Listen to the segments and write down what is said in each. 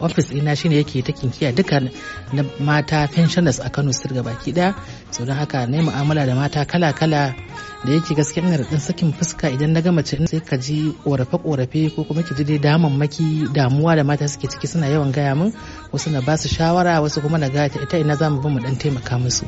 ofis ina shine yake ta kinkiya duka na mata pensioners a Kano sirga baki daya sau don haka na mu'amala da mata kala kala da yake gaskiya ina da sakin fuska idan na gama mace sai ka ji korafe korafe ko kuma ki ji dai damammaki damuwa da mata suke ciki suna yawan gaya min wasu na basu shawara wasu kuma na gaya ta ina zamu bi mu dan taimaka musu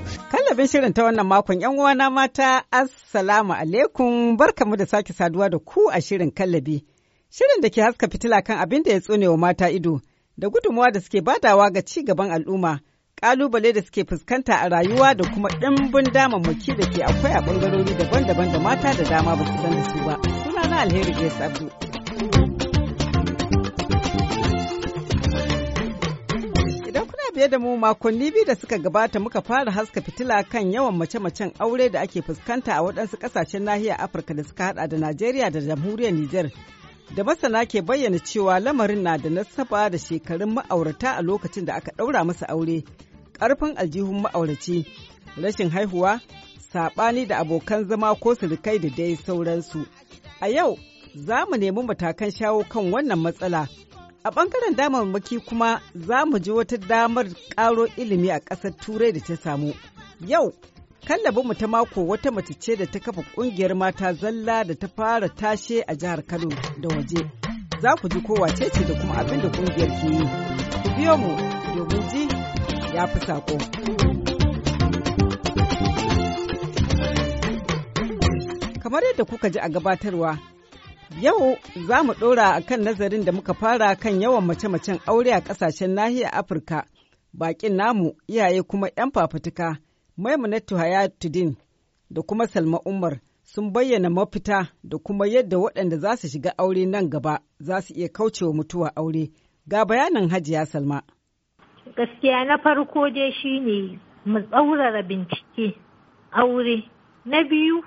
bin shirin ta wannan makon ‘yan uwana mata, Assalamu alaikum, barkamu da sake saduwa da ku a shirin kallabi. Shirin da ke haska fitila kan abin da ya tsone wa mata ido, da gudunmawa da suke badawa ga ci gaban al'umma, ƙalubale da suke fuskanta a rayuwa da kuma ɗimbin damammaki da ke akwai a bangarori daban-daban da mata da dama ba su san da su ba. Sunana Alheri Grace Abdu. biye da mu makonni biyu da suka gabata muka fara haska fitila kan yawan mace-macen aure da ake fuskanta a waɗansu ƙasashen nahiyar Afirka da suka haɗa da Najeriya da jamhuriyar Nijar. Da masana ke bayyana cewa lamarin na da nasaba da shekarun ma'aurata a lokacin da aka ɗaura masa aure, ƙarfin aljihun ma'auraci, rashin haihuwa, saɓani da abokan zama ko sirikai da dai sauransu. A yau, za mu nemi matakan shawo kan wannan matsala. A ɓangaren damarmaki kuma za mu ji wata damar ƙaro ilimi a ƙasar Turai da ta samu. Yau, mu ta mako wata mace ce da ta kafa ƙungiyar mata zalla da ta fara tashe a jihar Kano da waje. Za ku ji kowa ce ce da kuma abin da ƙungiyar ke yi. Ku biyo mu domin ji ya fi saƙo. Kamar yadda kuka ji a gabatarwa, Yau za mu ɗora a kan nazarin da muka fara kan yawan mace-macen aure a ƙasashen nahiyar Afirka, baƙin namu iyaye kuma 'yan fafutuka, Maimunatu Hayatuddin da kuma Salma Umar sun bayyana mafita da kuma yadda waɗanda za su shiga aure nan gaba za su iya kauce wa mutuwa aure. Ga bayanin Hajiya Salma. Gaskiya na farko dai shine mu tsaurara bincike aure. Na biyu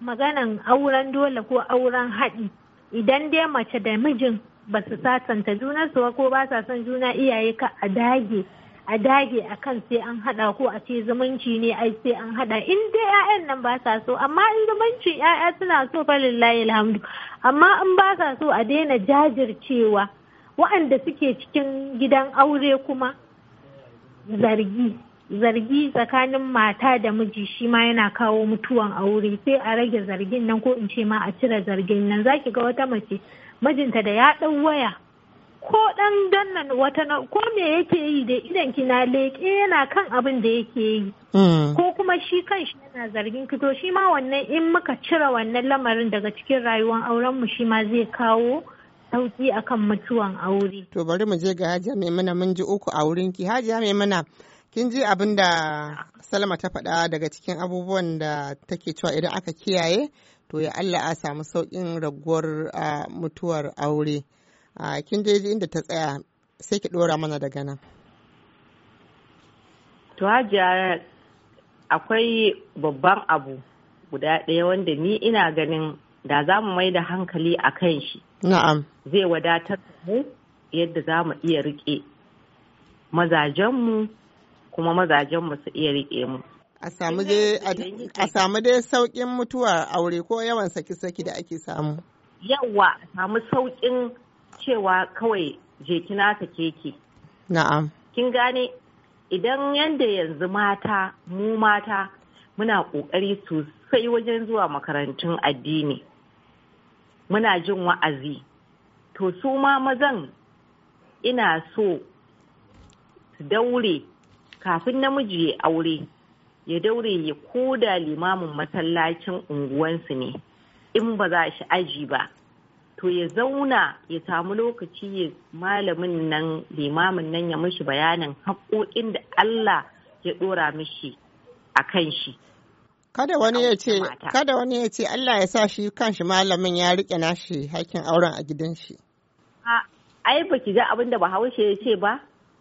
maganan auren dole ko auren haɗi idan dai mace da mijin ba su sasanta juna su ko ba sa son juna iyaye ka a dage a dage a kan sai an haɗa ko a ce zumunci ne ai sai an haɗa in dai 'ya'yan nan ba sa so amma in zumuncin 'ya'ya suna so falin layi alhamdu amma in ba sa so a daina jajircewa wa'anda suke cikin gidan aure kuma zargi zargi tsakanin mata da miji shi ma yana kawo mutuwan aure sai a rage zargin nan ko in ce ma a cire zargin nan zaki ga wata mace mijinta da ya ɗau waya ko ɗan dannan wata ko me yake yi da idan kina leƙe yana kan abin da yake yi mm. ko kuma shi kan shi yana zargin kito shi ma wannan in muka cire wannan lamarin daga cikin rayuwar auren mu shi ma zai kawo sauki akan mutuwan aure to bari mu je ga hajiya mai mana mun ji uku a wurinki hajiya mai mana Kin ji abin da salama ta faɗa daga cikin abubuwan da take cewa idan aka kiyaye to ya Allah a samu sauƙin raguwar mutuwar aure. Kin je inda ta tsaya sai ki ɗora mana daga nan. To hajiya akwai babban abu guda ɗaya wanda ni ina ganin da za mu mai da hankali a kan shi. Na'am. Zai wadatar mu yadda za mu iya riƙe mazajenmu kuma mazajen mu su iya rike mu a samu dai sauƙin mutuwa aure ko yawan saki-saki da ake samu yawa a samu sauƙin cewa kawai je ta keke na'am kin gane idan yanda yanzu mata mu mata muna ƙoƙari sosai wajen zuwa makarantun addini muna jin wa'azi to su ma mazan ina so su daure kafin namiji ya aure ya daure ya koda limamin masallacin unguwansu ne in ba za shi aji ba to ya zauna ya samu lokaci ya malamin nan limamin nan ya mishi bayanin haƙoƙin da Allah ya ɗora mishi a kan shi. Kada wani ya ce, kada wani ya ce Allah ya sa shi kanshi malamin ya rike nashi haƙƙin auren a gidan shi. Ai ba ki ga abin Bahaushe ya ce ba?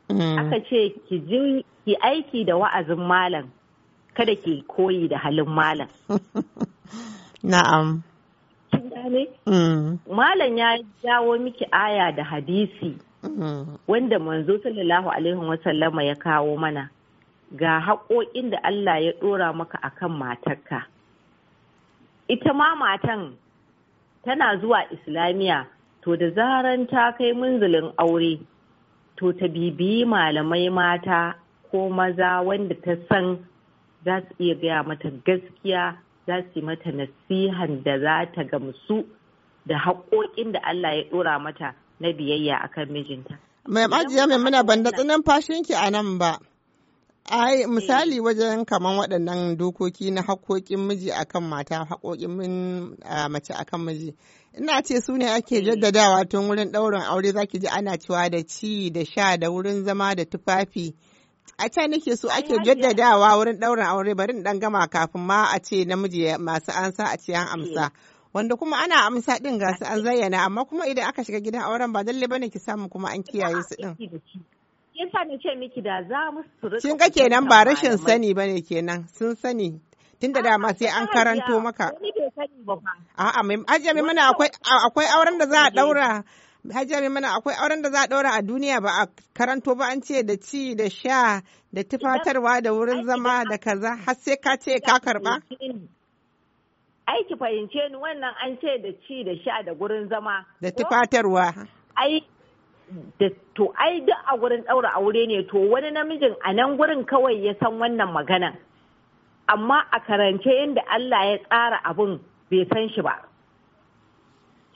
Mm. Aka ce ki ji ki aiki da wa'azin malam kada ki koyi da halin malam na'am mm. malam ya jawo miki aya da hadisi mm. wanda manzo sallallahu alaihi wasallama ya kawo mana ga haƙoƙin da Allah ya ɗora maka akan matarka ita ma matan tana zuwa islamiyya to da zaran ta kai munzulin aure to ta bibiyi malamai mata ko maza wanda ta san za su iya gaya mata gaskiya za su yi mata nasihan da za ta gamsu da haƙoƙin da Allah ya ɗora mata na biyayya akan mijinta. Mai ajiya mai muna ban da tsinin fashinki a nan ba. Ai, eh. misali wajen kaman waɗannan dokoki na haƙoƙin miji akan mata, haƙoƙin mace akan miji. Ina ce su ne ake eh. jaddadawa tun wurin ɗaurin aure zaki ji ana cewa da ci da sha da wurin zama da tufafi a ta nake so ake jaddadawa wurin ɗaurin aure bari in dan gama kafin ma a ce namiji masu ansa a ce an eh. amsa wanda kuma ana amsa din ga su an zayyana amma kuma idan aka shiga gidan auren ba lalle bane ki samu kuma an kiyaye su din yasa ni ce miki da za mu su kin ga kenan ba rashin sani bane kenan sun sani tun da dama sai an karanto maka a'a mai ajiya mai mana akwai auren da za a daura hajjami mana akwai auren da za a ɗaura a duniya ba a karanto ba an ce da ci da sha da tufatarwa da wurin zama da kaza har sai ka ce ka karba? Aiki fahimce ni wannan an ce da ci da sha da gurin zama. Da tufatarwa. Ai da to ai duk a gurin ɗaura aure ne to wani namijin a nan gurin kawai ya san wannan magana, Amma a karance yadda Allah ya tsara abun bai san shi ba.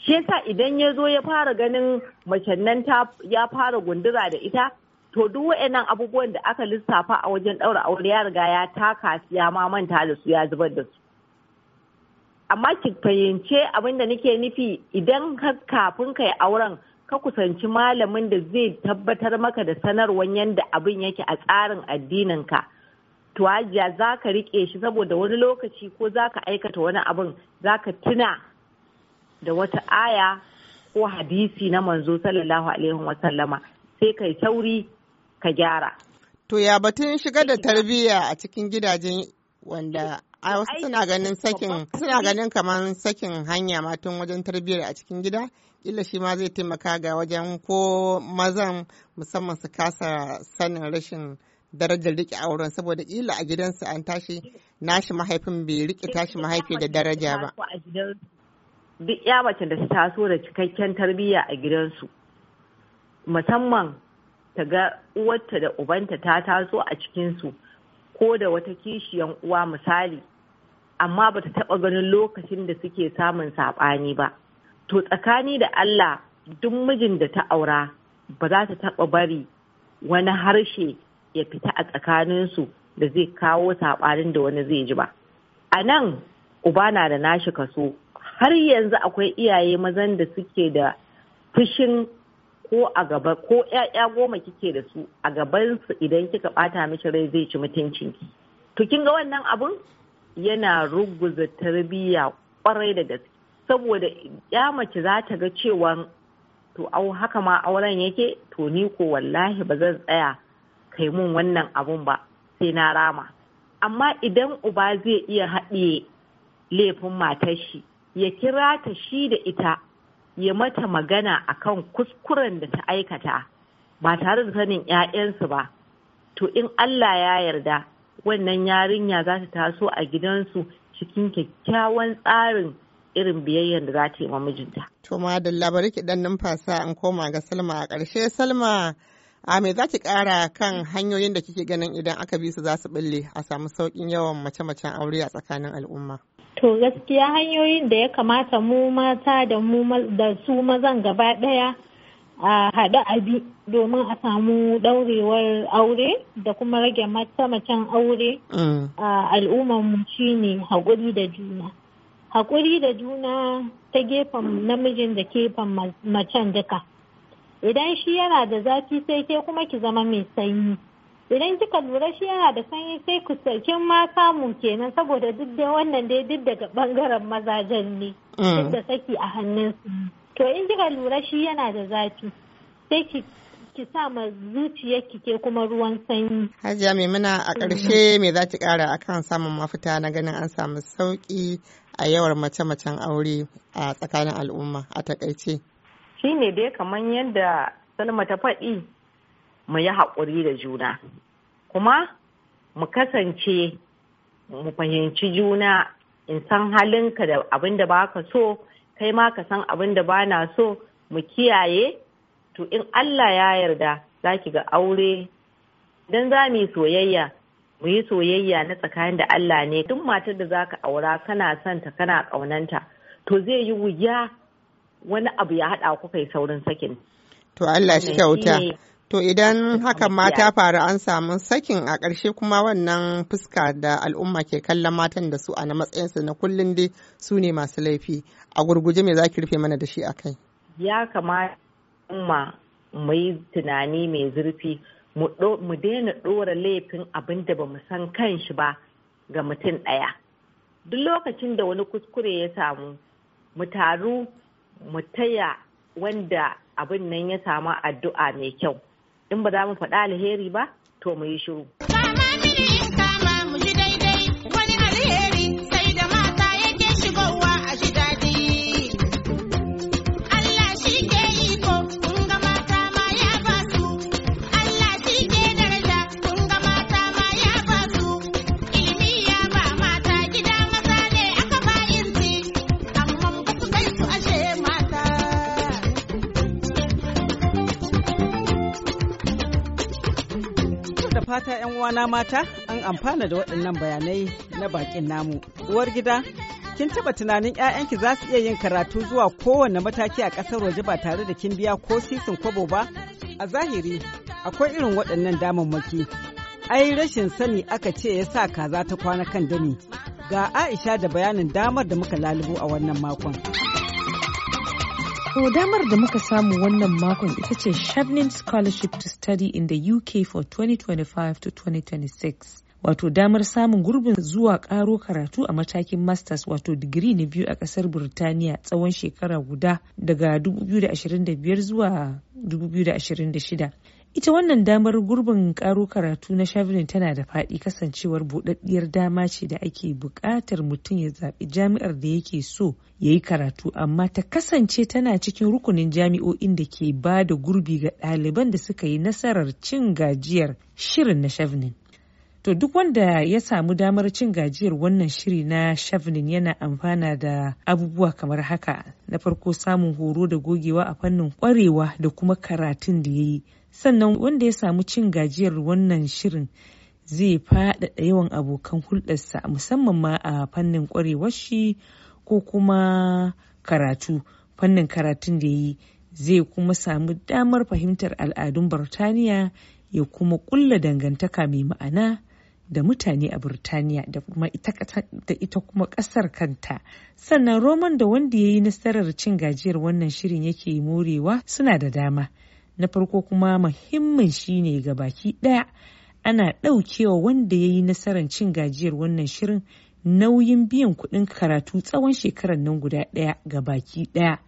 shi yasa idan ya zo ya fara ganin macen nan ya fara gundura da ita to duk wa'annan abubuwan da aka lissafa a wajen ɗaura aure ya riga ya taka ya ma manta da su ya zubar da su amma ki fahimce abin da nake nufi idan kafin ka yi auren ka kusanci malamin da zai tabbatar maka da sanarwar yadda abin yake a tsarin addininka to hajiya za ka riƙe shi saboda wani lokaci ko za ka aikata wani abin za ka tuna da wata aya ko hadisi na manzo sallallahu alaihi wasallama sai kai sauri ka gyara. To ya batun shiga da tarbiyya a cikin gidajen wanda a wasu suna ganin sakin suna ganin kamar sakin hanya matan wajen tarbiyyar a cikin gida illa shi ma zai taimaka ga wajen ko mazan musamman su kasa sanin rashin darajar rike auren saboda illa a gidansu an tashi nashi mahaifin bai rike tashi mahaifi da daraja ba. duk ya mace da ta taso da cikakken tarbiyya a gidansu musamman ta ga uwarta da ubanta ta taso a cikinsu ko da wata kishiyan uwa misali amma ba ta taɓa ganin lokacin da suke samun saɓani ba to tsakani da Allah duk mijin da ta aura ba za ta taɓa bari wani harshe ya fita a tsakaninsu da zai kawo saɓanin da wani zai ji ba a nan uba na da nashi kaso har yanzu akwai iyaye mazan da suke da fushin ko a gaba ko ƴaƴa goma kike da su a gabansu idan kika ɓata mishi rai zai ci ki, to kin ga wannan abun yana ruguza tarbiyya kwarai da gaske saboda ya mace za ta ga cewa to au haka ma auren yake to ni ko wallahi ba zan tsaya kai mun wannan abun ba sai na rama amma idan uba zai iya haɗe laifin matar shi ya kira ta shi da ita ya mata magana a kan kuskuren da ta aikata ba tare da sanin 'ya'yansu ba to in Allah ya yarda wannan yarinya za ta taso a gidansu cikin kyakkyawan tsarin irin biyayyar da za ta yi wa mijinta. To ma bari ki dan numfasa an koma ga Salma a ƙarshe Salma a me za ki ƙara kan hanyoyin da kike ganin idan aka bi su za su bille a samu sauƙin yawan mace-macen aure a tsakanin al'umma. To gaskiya hanyoyin da ya kamata mu mata da mu da su mazan gaba ɗaya a haɗu abi domin a samu ɗaurewar aure da kuma rage mace-macen aure mm. a mu shine haƙuri da juna. Haƙuri da juna ta gefen namijin da kefen macen duka. Idan shi yana da zafi sai ke kuma ki zama mai sanyi. idan kika lura shi yana da sanyi sai ku kin ma samu kenan saboda duk da wannan dai duk daga bangaren mazajen ne mm. duk da saki a hannunsu to in kika lura shi yana da zafi sai ki ki sa ma zuciyar ki ke kuma ruwan sanyi hajiya mai muna a mm. ƙarshe me za ki ƙara akan samun mafita na ganin an samu sauki a yawar mace-macen aure a tsakanin al'umma a takaice shine dai kamar yadda salma ta faɗi mu yi haƙuri da juna kuma mu kasance mu fahimci juna in san halinka da abin da baka so kai ma ka san abin da bana so mu kiyaye to in Allah ya yarda za ki ga aure don za mu yi soyayya mu yi soyayya na tsakanin da Allah ne duk matar da zaka aura kana santa kana ƙaunanta to zai yi wuya wani abu ya haɗa ku kai saurin sakin to Allah shi kyauta To idan hakan ma ta faru an samu sakin a ƙarshe kuma wannan fuska da al'umma ke kallon matan da su a na matsayinsu na kullum dai su ne masu laifi. A gurguje me za ki rufe mana da shi a kai? Ya kamata umma mu yi tunani mai zurfi mu daina ɗora laifin abin da ba mu san kan shi ba ga mutum ɗaya. Duk lokacin da wani kuskure ya samu, mu taru mu taya wanda abin nan ya samu addu'a mai kyau. in ba za mu faɗa alheri ba to mu yi shiru. da fata 'yan uwana mata an amfana da waɗannan bayanai na bakin namu. Uwar gida, kin taɓa tunanin 'ya'yanki za su iya yin karatu zuwa kowane mataki a ƙasar waje ba tare da kin biya ko sisin kwabo ba? A zahiri, akwai irin waɗannan damammaki. Ai rashin sani aka ce ya sa kaza ta kwana kan dani. Ga Aisha da bayanin damar da muka lalubo a wannan makon. To damar da muka samu wannan makon ita ce Shevlin Scholarship to Study in the UK for 2025 to 2026. Wato damar samun gurbin zuwa karo karatu a matakin Masters wato digiri na biyu a kasar Burtaniya tsawon shekara guda daga 2025 zuwa 2026. Ita wannan damar gurbin karo karatu na shafinin tana da faɗi kasancewar buɗaɗɗiyar dama ce da ake buƙatar mutum ya zaɓi jami'ar da yake so ya yi karatu amma ta kasance tana cikin rukunin jami'o'in da ke ba da gurbi ga ɗaliban da suka yi nasarar cin gajiyar shirin na shafinin. To duk wanda ya samu damar cin gajiyar wannan shiri na shavnin yana amfana da abubuwa kamar haka. Na farko samun horo da gogewa a fannin kwarewa da kuma karatun da ya yi. sannan wanda ya samu cin gajiyar wannan shirin zai faɗaɗa yawan abokan hulɗarsa musamman ma a fannin ƙwarewar shi ko kuma karatu fannin karatun da yi zai kuma samu damar fahimtar al'adun Burtaniya ya kuma ƙulla dangantaka mai ma'ana da mutane a Burtaniya da ita kuma ƙasar kanta. Sannan Roman da wanda ya yi nasarar cin gajiyar wannan shirin yake morewa suna da dama. na farko kuma muhimmin shine ga baki ɗaya ana ɗaukewa wanda ya yi nasarar cin gajiyar wannan shirin nauyin biyan kuɗin karatu tsawon shekarar nan guda ɗaya ga baki ɗaya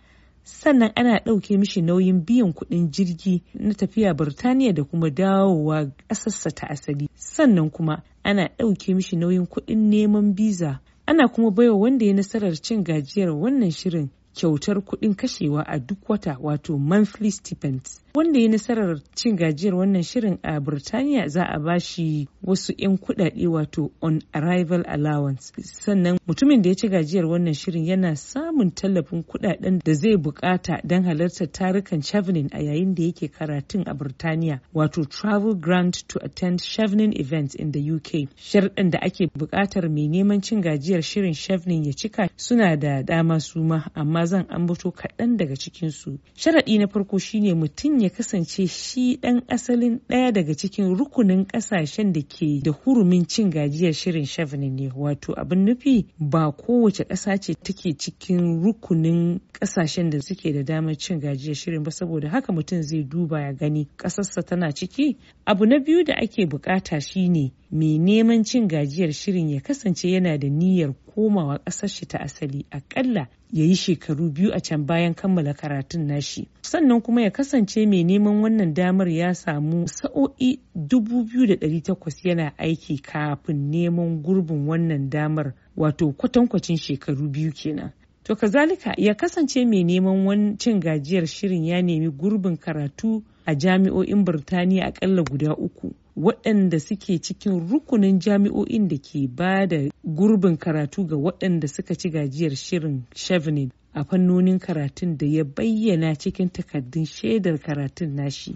sannan ana ɗauke mishi nauyin biyan kuɗin jirgi na tafiya Birtaniya da kuma dawowa ƙasarsa ta asali sannan kuma ana ɗauke mishi nauyin kuɗin neman biza ana kuma baiwa wanda ya nasarar cin gajiyar wannan shirin kyautar kuɗin kashewa a duk wata wato monthly stipends wanda ya nasarar cin gajiyar wannan shirin a Burtaniya za a bashi wasu 'yan kuɗaɗe wato on arrival allowance sannan mutumin da ya ci gajiyar wannan shirin yana samun tallafin kuɗaɗen da zai bukata don halartar tarukan chevening a yayin da yake karatun a Burtaniya wato travel grant to attend chevening events in the UK sharɗan da ake bukatar mai neman cin gajiyar shirin chevening ya cika suna da dama suma amma zan ambato kaɗan daga cikinsu sharaɗi na farko shine mutum ya kasance shi ɗan asalin ɗaya daga cikin rukunin ƙasashen da ke da hurumin cin gajiyar shirin shafin ne wato abin nufi ba kowace ƙasa ce take cikin rukunin ƙasashen da suke da damar cin gajiyar shirin ba saboda haka mutum zai duba ya gani ƙasarsa tana ciki. Abu na biyu da ake bukata shine mai neman cin gajiyar shirin ya kasance yana da niyyar komawa ƙasar shi ta asali akalla ya yi shekaru biyu a can bayan kammala karatun nashi sannan kuma ya kasance mai neman wannan damar ya samu sa'o'i dubu biyu da 2,800 yana aiki kafin neman gurbin wannan damar wato kwatankwacin shekaru biyu kenan to kazalika ya kasance mai neman cin gajiyar shirin ya nemi gurbin karatu a jami'o'in Birtaniya aƙalla guda uku waɗanda suke cikin rukunin jami'o'in da ke ba da gurbin karatu ga waɗanda suka ci gajiyar shirin chevening a fannonin karatun da ya bayyana cikin takardun shaidar karatun nashi.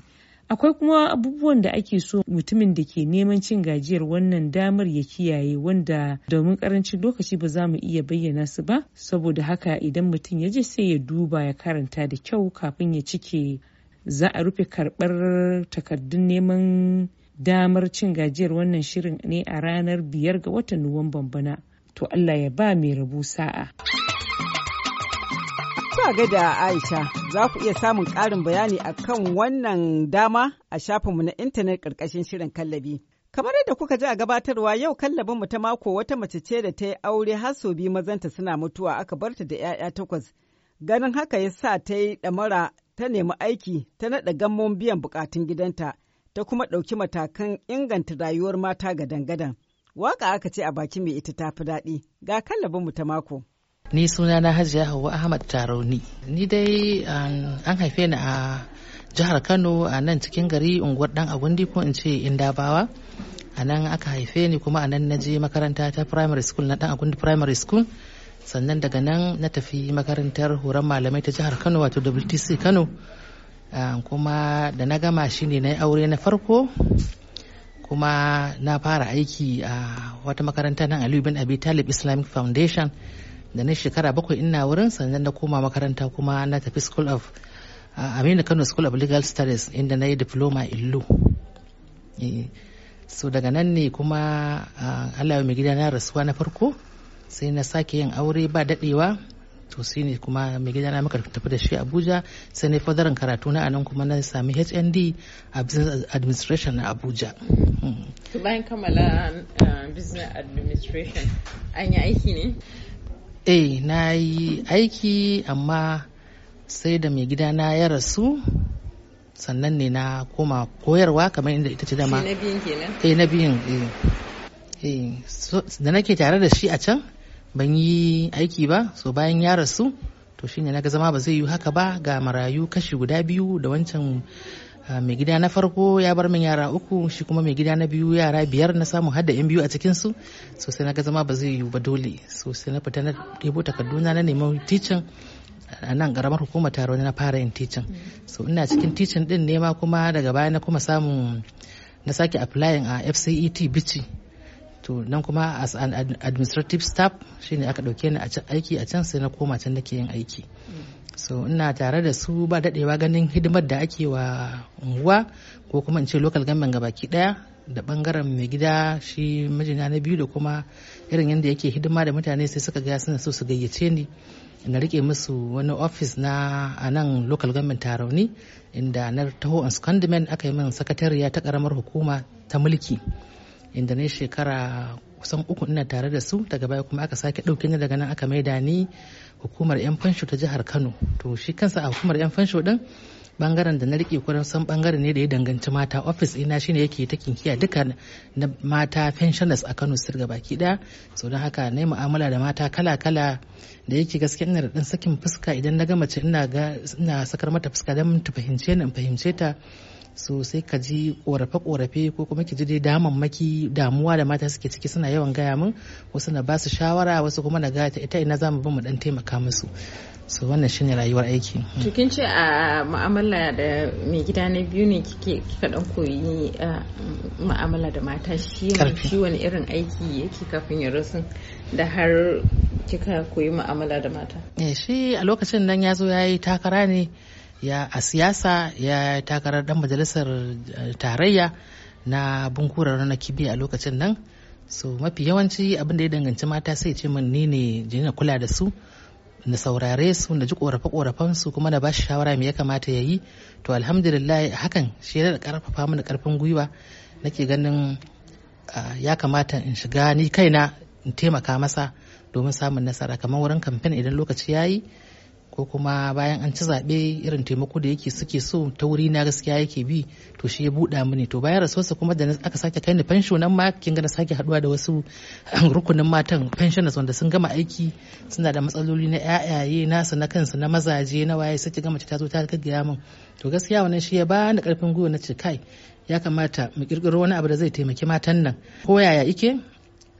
akwai kuma abubuwan da ake so mutumin da ke neman cin gajiyar wannan damar ya kiyaye wanda domin karancin lokaci ba za mu iya bayyana su ba saboda haka idan mutum ya je sai ya duba ya karanta da kyau kafin ya cike za a rufe karɓar takardun neman damar cin gajiyar wannan shirin ne a ranar biyar ga watan Nuwamban bana. To Allah ya ba mai rabu sa'a. ga da Aisha za ku iya samun ƙarin bayani a kan wannan dama a shafinmu na intanet ƙarƙashin shirin kallabi. Kamar yadda kuka ji a gabatarwa yau kallabinmu ta mako wata mace ce da ta yi aure har sau biyu mazanta suna mutuwa aka barta da 'ya'ya takwas. Ganin haka ya sa ta yi ɗamara ta nemi aiki ta naɗa gammon biyan buƙatun gidanta. ta kuma ɗauki matakan inganta rayuwar mata ga dangadan. Waka aka ce a baki mai ita ta fi daɗi ga mu ta mako. Ni suna na Hajiya Hauwa Ahmad Tarauni. Ni dai an haife ni a jihar Kano a nan cikin gari unguwar dan Agundi ko in ce Indabawa. A nan aka haife ni kuma a nan na je makaranta ta primary school na dan Agundi primary school. Sannan daga nan na tafi makarantar horon malamai ta jihar Kano wato WTC Kano. Ah, kuma da na gama shi ne na aure na farko kuma na fara aiki a wata makaranta nan aliyu bin abi talib islamic foundation da na shekara bakwai ina wurin sannan na koma makaranta kuma na tafi school of aminu kano school of legal studies inda na yi diploma illu eh, so daga nan ne kuma ah, allah mai gida na rasuwa na farko sai na sake yin aure ba daɗewa to sai ne kuma mai gida na maka tafi da shi abuja sai ne fadarin karatu na anan kuma na sami hnd a business administration na abuja hmm. bayan kammala eh, business administration an yi aiki ne eh na yi aiki amma sai da mai gida na ya rasu sannan ne na koma koyarwa kamar inda ita ce dama na biyun kenan eh na biyun eh, eh da nake tare da shi a can ban yi aiki ba so bayan ya rasu to shine na ga zama ba zai yi haka ba ga marayu kashi guda biyu da wancan mai gida na farko ya bar min yara uku shi kuma mai gida na biyu yara biyar na samu hadda yan biyu a cikin su so sai na zama ba zai yi ba dole so sai na fita na ɗebo takarduna na neman ticin a nan karamar hukumar taro na fara yin ticin so ina cikin ticin din nema kuma daga baya na kuma samun na sake applying a fcet bici to nan kuma as an administrative staff shine aka dauke ni a can aiki a can sai na koma can nake yin aiki so ina tare da su ba dadewa ganin hidimar da ake wa unguwa ko kuma in ce local government gabaki daya da bangaren mai gida shi mijina na biyu da kuma irin yadda yake hidima da mutane sai suka ga suna so su gayyace ni na rike musu wani ofis na a nan local government tarauni inda na taho on secondment aka yi min sakatariya ta karamar hukuma ta mulki inda na shekara kusan uku ina tare da su daga baya kuma aka sake ɗauke ni daga nan aka maida ni hukumar 'yan fansho ta jihar kano to shi kansa a hukumar 'yan fansho din bangaren da na rike kudan san bangaren ne da ya danganci mata ofis ina shine yake ta kinkiya duka na mata pensioners a Kano sirga baki daya so don haka na yi mu'amala da mata kala kala da yake gaske ina da dan sakin fuska idan na ga mace ina ga ina sakar mata fuska dan ta fahimce ni in fahimce ta so sai ka ji korafe-korafe ko kuma ki ji dai damammaki damuwa da mata suke ciki suna yawan gaya mun wasu na basu shawara wasu kuma na gaya ta ita ina zamu bi mu dan taimaka musu so wannan shine rayuwar aiki cikin hmm. ce a mu'amala da mai gida na biyu ne kike kika dan koyi mu'amala da mata shi ne shi wani irin aiki yake kafin ya rasu da har kika koyi mu'amala da mata eh shi a lokacin nan yazo yayi takara ne ya a siyasa ya takarar dan majalisar eh, tarayya na bunkura na kibi a lokacin nan so mafi yawanci abin da ya danganci mata sai ce min ni ne jini kula da su na saurare su na ji korafe korafen su kuma na bashi shawara me ya kamata ya yi to alhamdulillah hakan shi da karfafa mana karfin gwiwa nake ganin ya kamata in shiga ni kaina in taimaka masa domin samun nasara kamar wurin kamfen idan lokaci ya yi ko kuma bayan an ci zaɓe irin taimako da yake suke so ta wuri na gaskiya yake bi to shi ya buɗa mini to bayan rasuwarsa kuma da aka sake kai ni fensho ma kin ga sake haɗuwa da wasu um, rukunin matan pensioners wanda sun gama aiki suna da matsaloli na ƴaƴaye nasu na kansu na mazaje na waye sai gama ta zo ta gaggaya min to gaskiya wannan shi ya ba ni ƙarfin gwiwa na ce kai ya kamata mu kirkiro wani abu da zai taimaki matan nan ko yaya ike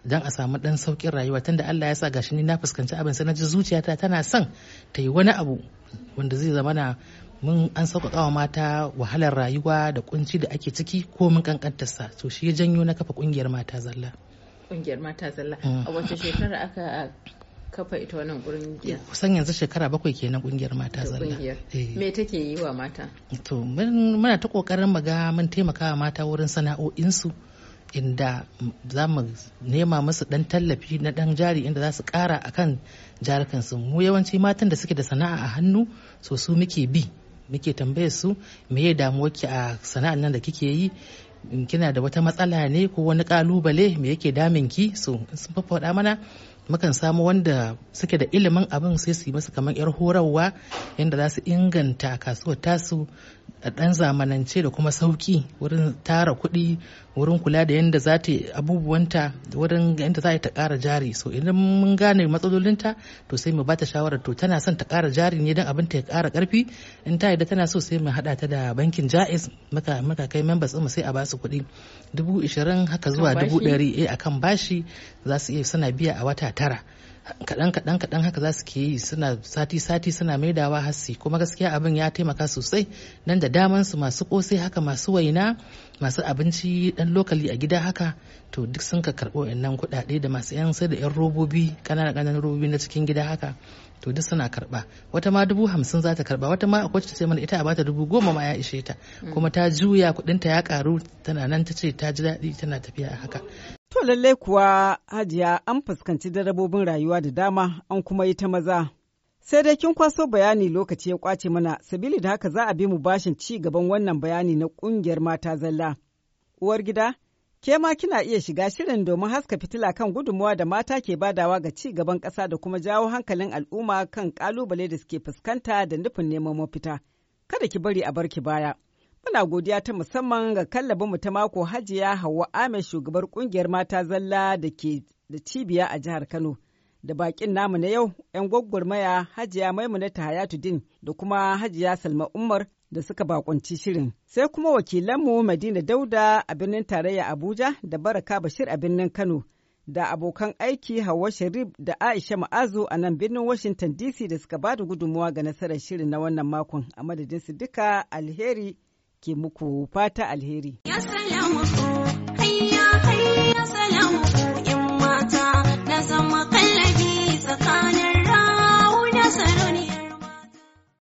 don a samu dan saukin rayuwa tunda Allah ya sa gashi ni na fuskanci abin sai na ji zuciyata tana son ta yi wani abu wanda zai zama na mun an sauƙaƙa wa mata wahalar rayuwa da kunci da ake ciki ko mun kankantarsa to shi ya janyo na kafa ƙungiyar mata zalla ƙungiyar mata zalla a mm. wace shekara aka kafa ita wannan ƙungiyar eh, kusan yanzu shekara bakwai kenan ƙungiyar mata zalla eh. me take yi wa mata to muna ta ƙoƙarin mu ga mun taimaka wa mata wurin sana'o'insu su inda za mu nema musu dan tallafi na dan jari inda za su kara kan jarakansu mu yawanci matan da suke da sana'a a hannu so su muke bi muke tambayar su me ya damuwa ki a sana'ar nan da kike yi kina da wata matsala ne ko wani kalubale me yake damin ki so sun faɗa mana mukan samu wanda suke da ilimin abin sai su yi masa kamar yar horarwa yadda za su inganta kasuwar tasu A ɗan zamanance da kuma sauki wurin tara kuɗi wurin kula da yadda za ta abubuwanta wurin yadda za ta ƙara jari so idan mun gane matsalolinta to sai mu bata shawarar to tana son ta ƙara jari ne don abin ta ya ƙara ƙarfi in ta yadda tana so sai mu haɗa ta da bankin jaiz maka kai members ɗin sai a basu kuɗi dubu ishirin haka zuwa dubu ɗari eh, a kan bashi za su iya suna biya a wata tara kaɗan kaɗan kaɗan haka za su ke yi suna sati sati suna maidawa hasi kuma gaskiya abin ya taimaka sosai nan da daman su masu kosai haka masu waina masu abinci ɗan lokali a gida haka to duk sun ka karɓo nan kuɗaɗe da masu yan sai da yan robobi ƙananan ƙananan robobi na cikin gida haka to duk suna karɓa wata ma dubu hamsin za ta karɓa wata ma akwai ce mana ita a bata dubu goma ma ya ishe ta mm. kuma ta juya kuɗinta ya ƙaru tana nan ta ce ta ji daɗi tana tafiya haka To lallai kuwa hajiya an fuskanci darabobin rayuwa da dama an kuma yi ta maza. Sai dai kin kwaso bayani lokaci ya kwace mana, sabili da haka za a bi mu bashin ci gaban wannan bayani na ƙungiyar mata zalla. Uwar gida, ke ma kina iya shiga shirin domin haska fitila kan gudunmuwa da mata ke badawa ga ci gaban ƙasa da kuma jawo hankalin al'umma kan ƙalubale da suke fuskanta da nufin neman mafita. Kada ki bari a ki baya. Muna godiya ta musamman ga kallabinmu ta mako Hajiya Hauwa Ahmed shugabar kungiyar mata zalla da ke da cibiya a jihar Kano. Da bakin namu na yau, 'yan gwaggwarmaya Hajiya Maimuna ta Hayatu din da kuma Hajiya Salma Umar da suka bakunci shirin. Sai kuma wakilanmu Madina Dauda a birnin tarayya Abuja da Baraka Bashir a birnin Kano. Da abokan aiki Hauwa Sharif da Aisha Ma'azu a nan birnin Washington DC da suka ba da gudunmuwa ga nasarar shirin na wannan makon a madadin su duka alheri. ke muku fata alheri. Yes,